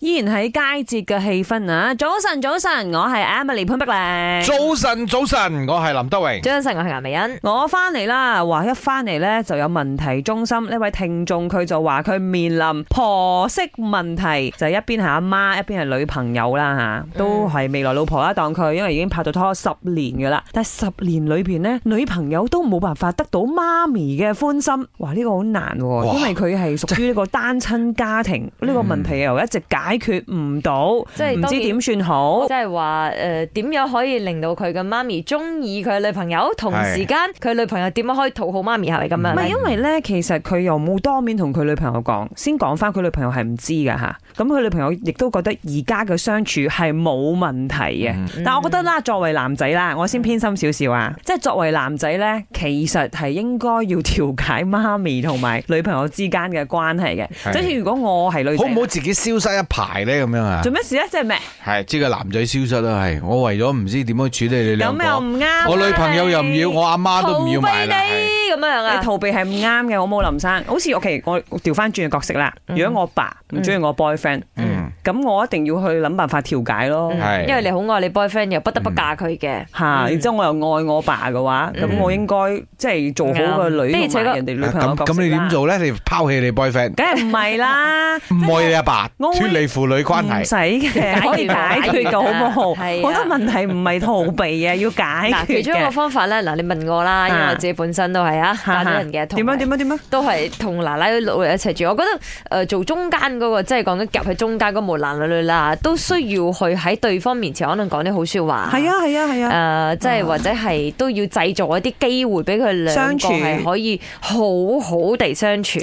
依然喺佳節嘅氣氛啊！早晨，早晨早晨，早晨，我係 Emily 潘碧玲。早晨，早晨，我係林德榮。早晨，我係顏美欣。我翻嚟啦，話一翻嚟呢，就有問題中心，呢位聽眾佢就話佢面臨婆媳問題，就係，一邊係阿媽，一邊係女朋友啦吓，都係未來老婆啦，當佢因為已經拍咗拖了十年噶啦，但係十年裏邊呢，女朋友都冇辦法得到媽咪嘅歡心，話呢，個好難，因為佢係屬於一個單親家庭，呢哇個問題又一直解。解決唔到，即係唔知點算好，即係話誒，點樣可以令到佢嘅媽咪中意佢女朋友，同時間佢女朋友點樣可以討好媽咪，係咪咁樣？唔係的，因為咧，其實佢又冇當面同佢女朋友講，先講翻佢女朋友係唔知嘅吓。咁佢女朋友亦都覺得而家嘅相處係冇問題嘅。嗯、但我覺得啦，作為男仔啦，我先偏心少少啊。嗯、即係作為男仔咧，其實係應該要調解媽咪同埋女朋友之間嘅關係嘅。即似的如果我係女，好唔好自己消失一排咧咁樣啊？做乜事咧、就是？即係咩？係即係男仔消失啦，係我為咗唔知點樣處理你有咩唔啱？我女朋友又唔要，我阿媽都唔要埋啦，咁樣樣啊？你逃避係唔啱嘅，我冇林生，好似、okay, 我其實我調翻轉嘅角色啦，如果我爸唔中意我 boyfriend。嗯嗯咁我一定要去諗辦法調解咯，因為你好愛你 boyfriend 又不得不嫁佢嘅，吓，然之後我又愛我爸嘅話，咁我應該即係做好個女同人哋女朋友角色。咁咁你點做咧？你拋棄你 boyfriend？梗係唔係啦，唔愛你阿爸，脫離父女關係。唔使嘅，可以解決噶，好多問題唔係逃避啊，要解決嘅。其中一個方法咧，嗱，你問我啦，因為我自己本身都係啊，華人嘅，點樣點樣點樣，都係同奶奶老爺一齊住。我覺得誒做中間嗰個，即係講緊夾喺中間嗰個。男女女啦，都需要去喺對方面前可能講啲好説話，係啊，係啊，係啊，誒、啊，即係或者係都要製造一啲機會俾佢兩個係可以好好地相處。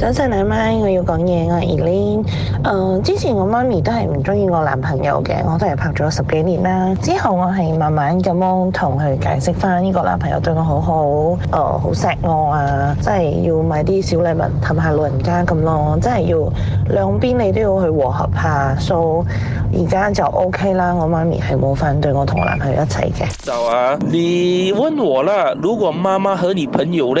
早晨，阿媽，我要講嘢啊！Eileen，誒，之前我媽咪都係唔中意我男朋友嘅，我都係拍咗十幾年啦。之後我係慢慢咁同佢解釋翻，呢個男朋友對我好好，誒，好錫我啊，即係要買啲小禮物氹下老人家咁咯。即係要兩邊你都要去和合下，所以，而家就 OK 啦。我媽咪係冇反對我同我男朋友一齊嘅。就啊，你問我啦，如果媽媽和你朋友呢？